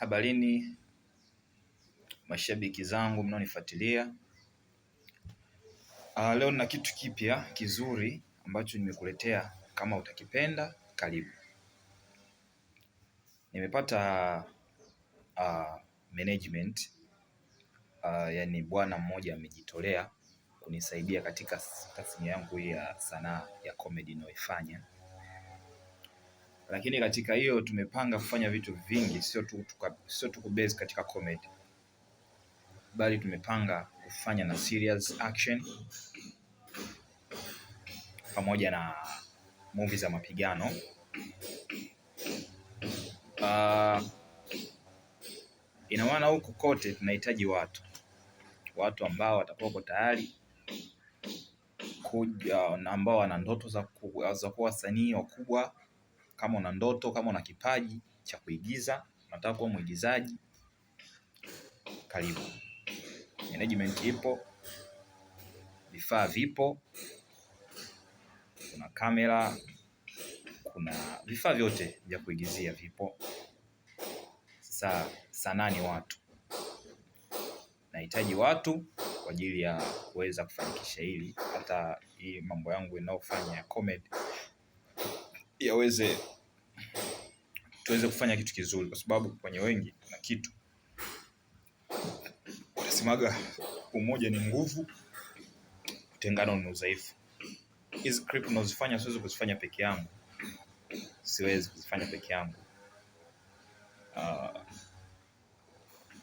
Habarini mashabiki zangu mnaonifuatilia. Uh, leo nina kitu kipya kizuri ambacho nimekuletea, kama utakipenda karibu. Nimepata uh, management uh, yani bwana mmoja amejitolea kunisaidia katika tasnia yangu ya sanaa ya comedy inayoifanya lakini katika hiyo tumepanga kufanya vitu vingi, sio tu sio tu kubase katika comedy, bali tumepanga kufanya na serious action pamoja na movie za mapigano. Uh, ina maana huku kote tunahitaji watu watu ambao watakuwako tayari kuja, ambao wana ndoto za kuwa wasanii wakubwa kama una ndoto, kama una kipaji cha kuigiza, unataka kuwa mwigizaji, karibu. Management ipo, vifaa vipo, kuna kamera, kuna vifaa vyote vya kuigizia vipo. Sasa sanaa ni watu, nahitaji watu kwa ajili ya kuweza kufanikisha hili. Hata hii mambo yangu inayofanya ya comedy yaweze tuweze kufanya kitu kizuri, kwa sababu kwenye wengi kuna kitu wanasemaga, umoja ni nguvu, utengano ni udhaifu. Hizi clip unazifanya siwezi kuzifanya peke yangu, siwezi kuzifanya peke yangu. Uh,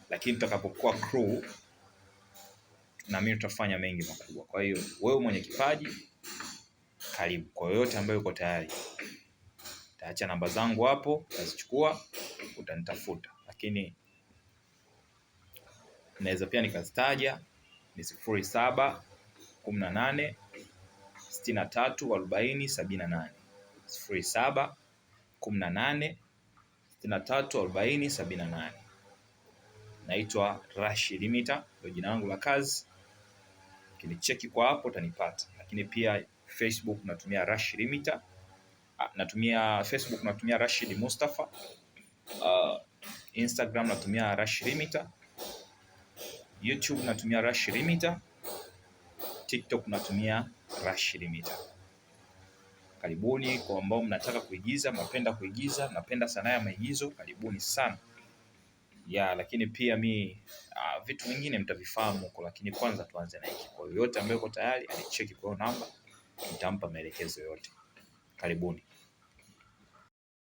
lakini tutakapokuwa crew na mimi tutafanya mengi makubwa. Kwa hiyo wewe mwenye kipaji, karibu kwa yoyote ambayo uko tayari acha namba zangu hapo, utazichukua utanitafuta, lakini naweza pia nikazitaja ni sifuri saba kumi na nane sitini na tatu arobaini sabini na nane sifuri saba kumi na nane sitini na tatu arobaini sabini na nane. Naitwa Rashid Limita, ndio jina langu la kazi. kinicheki kwa hapo utanipata, lakini pia Facebook natumia Rashid Limita. Ah, natumia Facebook natumia Rashid Mustafa. Uh, Instagram natumia Rash Rimita. YouTube natumia Rash Rimita. TikTok natumia Rash Rimita. Karibuni kwa ambao mnataka kuigiza, mnapenda kuigiza, napenda sanaa ya maigizo, karibuni sana ya lakini pia mi uh, vitu vingine mtavifahamu huko, lakini kwanza tuanze na hiki. Kwa yote ambaye uko tayari alicheki kwa namba, nitampa maelekezo yote. Karibuni.